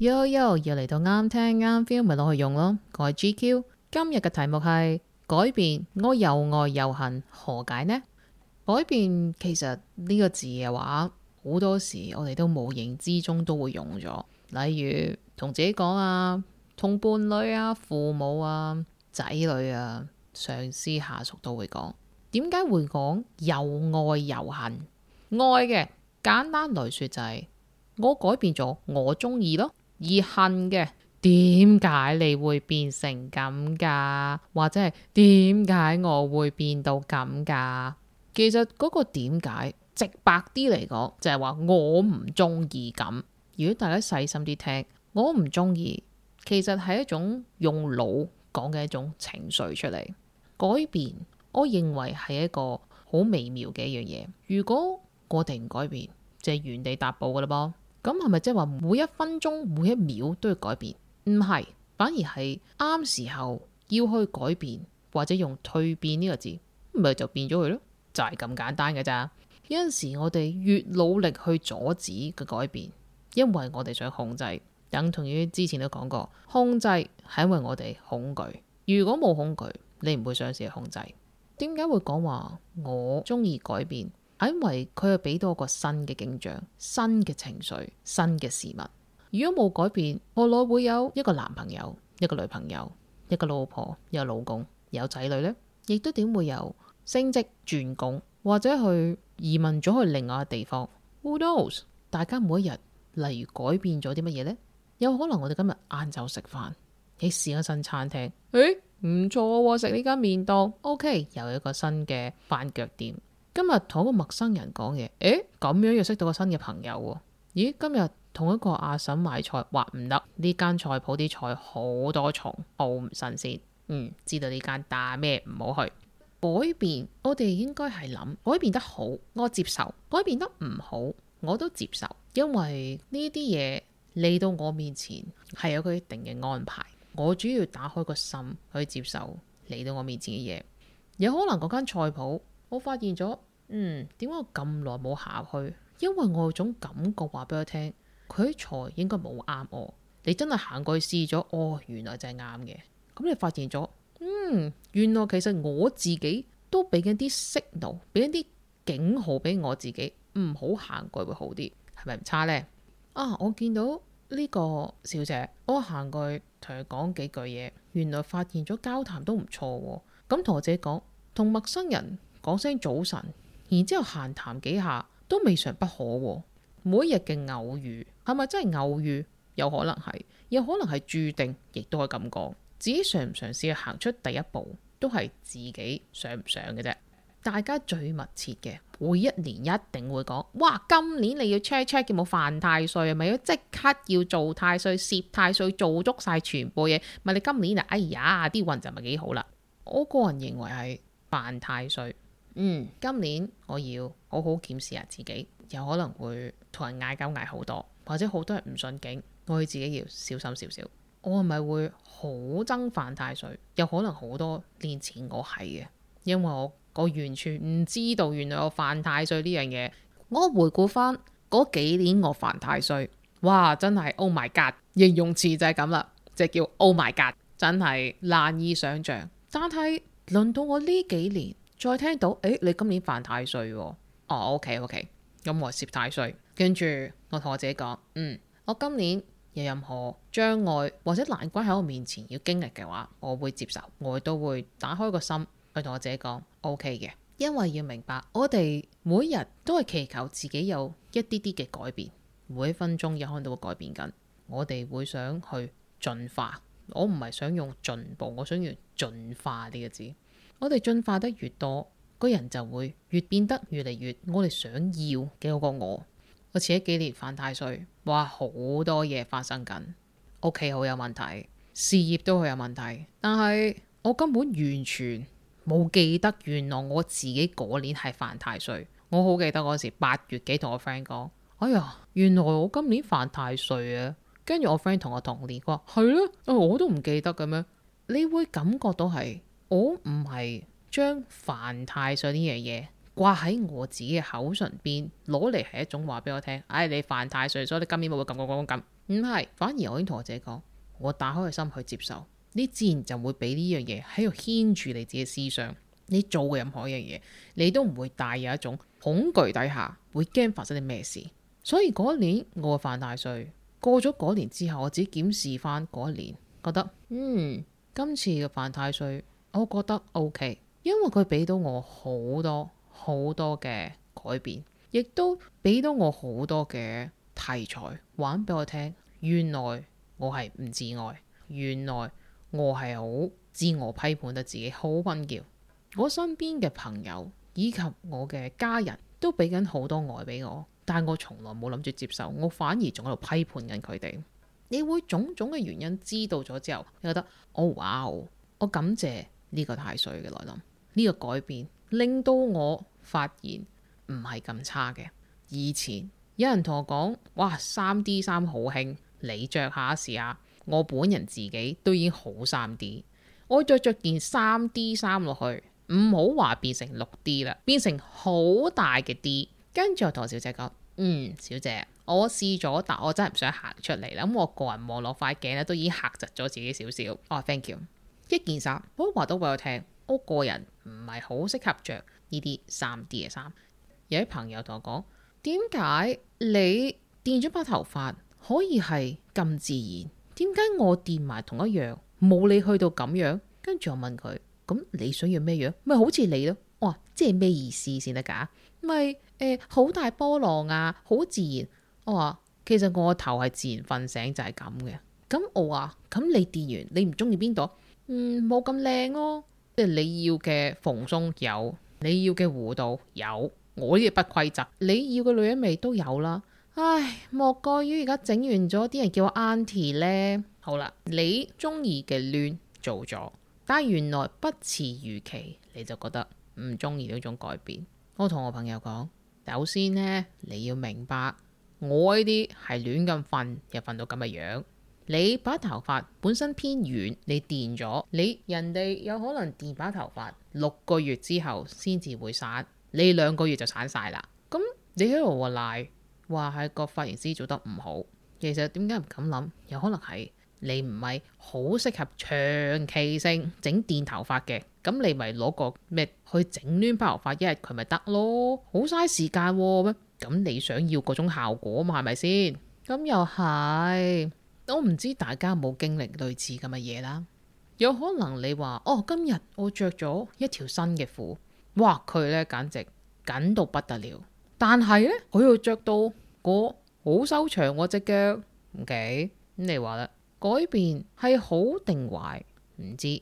喲喲，又嚟到啱聽啱 feel，咪攞去用咯。我係 GQ，今日嘅題目係改變。我又愛又恨，何解呢？改變其實呢個字嘅話，好多時我哋都無形之中都會用咗，例如同自己講啊，同伴侶啊、父母啊、仔女啊、上司下屬都會講。點解會講又愛又恨？愛嘅簡單來說就係、是、我改變咗，我鍾意咯。而恨嘅，點解你會變成咁噶？或者係點解我會變到咁噶？其實嗰個點解，直白啲嚟講，就係話我唔中意咁。如果大家細心啲聽，我唔中意，其實係一種用腦講嘅一種情緒出嚟。改變，我認為係一個好微妙嘅一樣嘢。如果我哋唔改變，就係原地踏步噶啦噃。咁係咪即係話每一分鐘每一秒都要改變？唔係，反而係啱時候要去改變或者用蛻變呢、這個字，咪就變咗佢咯，就係、是、咁簡單噶咋？有陣時我哋越努力去阻止佢改變，因為我哋想控制，等同於之前都講過，控制係因為我哋恐懼。如果冇恐懼，你唔會想試去控制。點解會講話我中意改變？因為佢又俾到個新嘅景象、新嘅情緒、新嘅事物。如果冇改變，何來會有一個男朋友、一個女朋友、一個老婆、有老，老公、有仔女呢，亦都點會有升職轉工，或者去移民咗去另外嘅地方？Who knows？大家每一日，例如改變咗啲乜嘢呢？有可能我哋今日晏晝食飯，你試下新餐廳，誒唔、欸、錯啊，食呢間麵檔 OK，又有一個新嘅飯腳店。今日同個陌生人講嘢，誒、欸、咁樣又識到個新嘅朋友喎、啊。咦，今日同一個阿嬸買菜，話唔得。呢間菜鋪啲菜好多蟲，唔新鮮。嗯，知道呢間打咩，唔好去。改變，我哋應該係諗改變得好，我接受，改變得唔好，我都接受。因為呢啲嘢嚟到我面前，係有佢一,一定嘅安排。我主要打開個心去接受嚟到我面前嘅嘢。有可能嗰間菜鋪，我發現咗。嗯，點解我咁耐冇行入去？因為我有種感覺話俾我聽，佢啲財應該冇啱我。你真係行過去試咗，哦，原來就係啱嘅。咁你發現咗，嗯，原來其實我自己都俾緊啲 signal，俾緊啲警號俾我自己，唔好行過去會好啲，係咪唔差呢？啊，我見到呢個小姐，我行過去同佢講幾句嘢，原來發現咗交談都唔錯喎、哦。咁同我自己講，同陌生人講聲早晨。然之後閒談幾下都未嘗不可哦。每日嘅偶遇係咪真係偶遇？有可能係，有可能係注定，亦都可以咁講。自己嘗唔嘗試行出第一步，都係自己想唔想嘅啫。大家最密切嘅，每一年一定會講：哇，今年你要 check check 見冇犯太歲啊？咪要即刻要做太歲、攝太歲、做足晒全部嘢。咪你今年啊，哎呀，啲運就唔係幾好啦。我個人認為係犯太歲。嗯，今年我要好好檢視下自己，有可能會同人嗌交嗌好多，或者好多人唔順境。我要自己要小心少少。我係咪會好憎犯太歲？有可能好多年前我係嘅，因為我我完全唔知道原來我犯太歲呢樣嘢。我回顧翻嗰幾年我犯太歲，哇，真係 Oh my god！形容詞就係咁啦，即係叫 Oh my god！真係難以想象。但係輪到我呢幾年。再聽到，誒、欸、你今年犯太歲喎。哦，哦，O K O K，咁我攝太歲，我跟住我同我自己講，嗯，我今年有任何障礙或者難關喺我面前要經歷嘅話，我會接受，我都會打開個心去同我自己講 O K 嘅，因為要明白，我哋每日都係祈求自己有一啲啲嘅改變，每一分鐘有可能都會改變緊，我哋會想去進化，我唔係想用進步，我想要進化呢個字。我哋進化得越多，個人就會越變得越嚟越我哋想要嘅嗰個我。我前一幾年犯太歲，哇好多嘢發生緊，屋企好有問題，事業都好有問題。但係我根本完全冇記得，原來我自己嗰年係犯太歲。我好記得嗰時八月幾同我 friend 講：哎呀，原來我今年犯太歲啊！跟住我 friend 同我同年，佢話係咧，我都唔記得咁樣。你會感覺到係。我唔係將犯太歲呢樣嘢掛喺我自己嘅口唇邊，攞嚟係一種話俾我聽。唉、哎，你犯太歲，所以你今年會咁咁咁咁。唔係，反而我已經同我自己講，我打開個心去接受，你自然就會俾呢樣嘢喺度牽住你自己嘅思想。你做嘅任何一樣嘢，你都唔會帶有一種恐懼底下會驚發生啲咩事。所以嗰年我嘅犯太歲過咗嗰年之後，我自己檢視翻嗰一年，覺得嗯今次嘅犯太歲。我覺得 OK，因為佢俾到我好多好多嘅改變，亦都俾到我好多嘅題材玩俾我聽。原來我係唔自愛，原來我係好自我批判得自己好困叫。我身邊嘅朋友以及我嘅家人都俾緊好多愛俾我，但我從來冇諗住接受，我反而仲喺度批判緊佢哋。你會種種嘅原因知道咗之後，你覺得我哇！Oh, wow, 我感謝。呢個太衰嘅來諗，呢個改變令到我發現唔係咁差嘅。以前有人同我講：哇，三 D 衫好興，你着下試下。我本人自己都已經好三 D，我再着件三 D 衫落去，唔好話變成六 D 啦，變成好大嘅 D。跟住我同小姐講：嗯，小姐，我試咗，但我真係唔想行出嚟啦。咁我個人望落塊鏡咧，都已經嚇窒咗自己少少。哦，thank you。一件衫，我話都俾我聽，我個人唔係好適合着呢啲三 D 嘅衫。有啲朋友同我講：點解你電咗把頭髮可以係咁自然？點解我電埋同一樣冇你去到咁樣？跟住我問佢：咁你想要咩樣？咪好似你咯。哇，即係咩意思先得㗎？咪誒好大波浪啊，好自然。我話其實我個頭係自然瞓醒就係咁嘅。咁我話、啊、咁你電完你唔中意邊度？嗯，冇咁靚咯，即係你要嘅蓬鬆有，你要嘅弧度有，我呢啲不規則，你要嘅女人味都有啦。唉，莫過於而家整完咗，啲人叫我 aunty 咧。好啦，你中意嘅亂做咗，但係原來不似預期，你就覺得唔中意呢種改變。我同我朋友講，首先呢，你要明白，我呢啲係亂咁瞓，又瞓到咁嘅樣。你把頭髮本身偏軟，你電咗你，人哋有可能電把頭髮六個月之後先至會散，你兩個月就散晒啦。咁你喺度話賴話係個髮型師做得唔好，其實點解唔敢諗？有可能係你唔係好適合長期性整電頭髮嘅，咁你咪攞個咩去整亂把頭髮一日佢咪得咯？好嘥時間喎，咁你想要嗰種效果嘛？係咪先？咁又係。都唔知大家冇經歷類似咁嘅嘢啦，有可能你話哦，今日我着咗一條新嘅褲，哇佢呢，簡直緊到不得了，但係呢，佢又着到我好修長我隻腳，OK，咁你話啦，改變係好定壞唔知，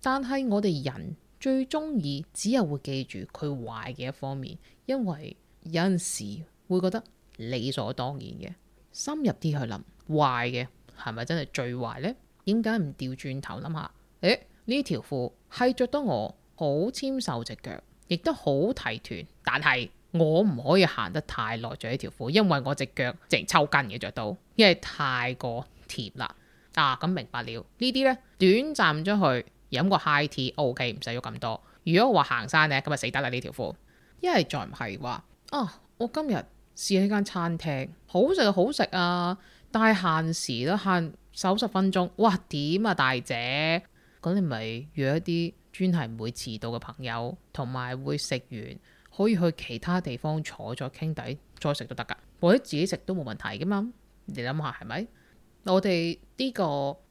但係我哋人最中意只係會記住佢壞嘅一方面，因為有陣時會覺得理所當然嘅。深入啲去諗，壞嘅係咪真係最壞呢？點解唔掉轉頭諗下？誒、欸、呢條褲係着得我好纖瘦隻腳，亦都好提臀，但係我唔可以行得太耐着呢條褲，因為我隻腳直抽筋嘅着到，因為太過貼啦。啊，咁明白了呢啲呢，短暫將去，飲個 high tea，OK，唔使咗咁多。如果我話行山呢，咁啊死得啦呢條褲。因為再唔係話啊，我今日。試喺間餐廳，好食就、啊、好食啊！但係限時都限九十分鐘。哇，點啊，大姐，咁你咪約一啲專係唔會遲到嘅朋友，同埋會食完可以去其他地方坐再傾偈，再食都得噶。或者自己食都冇問題噶嘛？你諗下係咪？我哋呢個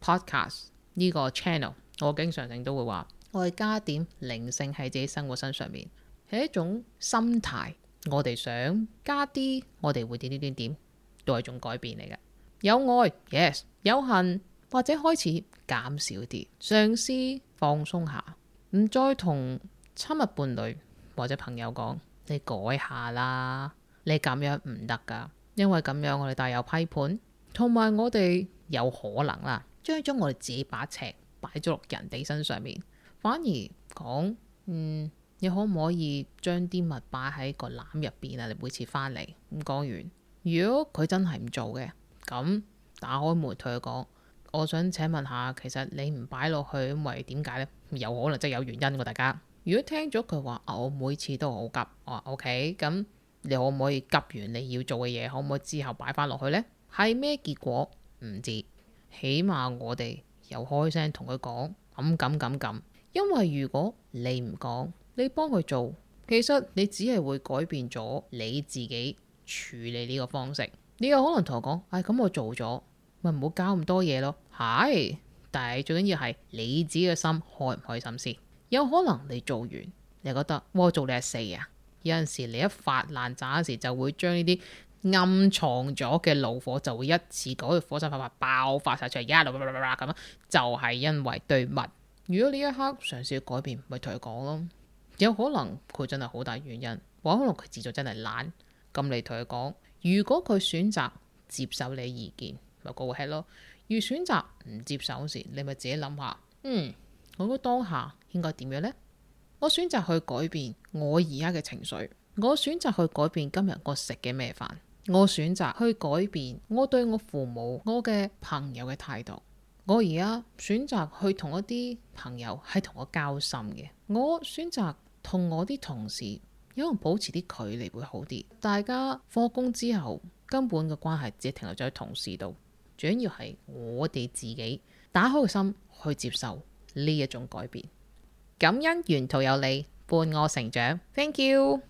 podcast 呢個 channel，我經常性都會話，我哋加點靈性喺自己生活身上面，係一種心態。我哋想加啲，我哋會點點點點都係一種改變嚟嘅。有愛 Yes，有恨，或者開始減少啲上司，放鬆下，唔再同親密伴侶或者朋友講你改下啦，你咁樣唔得噶。因為咁樣我哋大有批判，同埋我哋有可能啦，將將我哋自己把尺擺咗落人哋身上面，反而講嗯。你可唔可以將啲物擺喺個籃入邊啊？你每次翻嚟咁講完，如果佢真係唔做嘅，咁打開門同佢講，我想請問下，其實你唔擺落去，因為點解呢？有可能真係有原因喎。大家如果聽咗佢話我每次都好急啊。OK，咁你可唔可以急完你要做嘅嘢，可唔可以之後擺翻落去呢？係咩結果唔知？起碼我哋又開聲同佢講，咁咁咁咁，因為如果你唔講。你幫佢做，其實你只係會改變咗你自己處理呢個方式。你有可能同我講，唉，咁我做咗咪唔好搞咁多嘢咯。係，但係最緊要係你自己嘅心開唔開心先。有可能你做完，你覺得我做你係死啊！有陣時你一發爛渣嗰時，就會將呢啲暗藏咗嘅怒火就會一次過火山發發爆發晒出嚟，一路咁啊。就係因為對物。如果呢一刻嘗試要改變，咪同佢講咯。有可能佢真係好大原因，或可能佢自作真係懶，咁你同佢講，如果佢選擇接受你意見咪過好吃咯，如選擇唔接受時，你咪自己諗下。嗯，我覺得當下應該點樣咧？我選擇去改變我而家嘅情緒，我選擇去改變今日我食嘅咩飯，我選擇去改變我對我父母、我嘅朋友嘅態度。我而家選擇去同一啲朋友係同我交心嘅，我選擇。同我啲同事，可能保持啲距離會好啲。大家放工之後，根本嘅關係只係停留在同事度。主要係我哋自己打開個心去接受呢一種改變。感恩沿途有你伴我成長，Thank you。